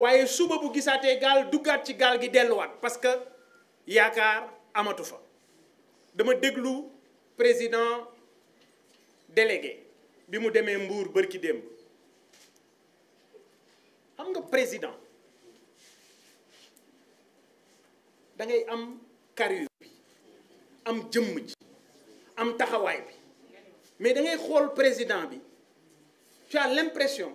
waye suba bu tu gal ci gal gi parce que yakar amatu fa dama le président délégué bi mu démé Mbour barki xam président da ngay am bi am am taxaway bi mais da ngay président bi tu as l'impression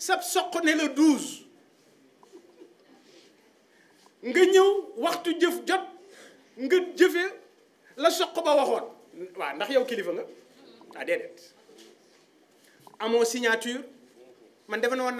sab le 12. le douze nga ñëw waxtu jëf jot nga le la ba ndax yow kilifa nga ah, signature man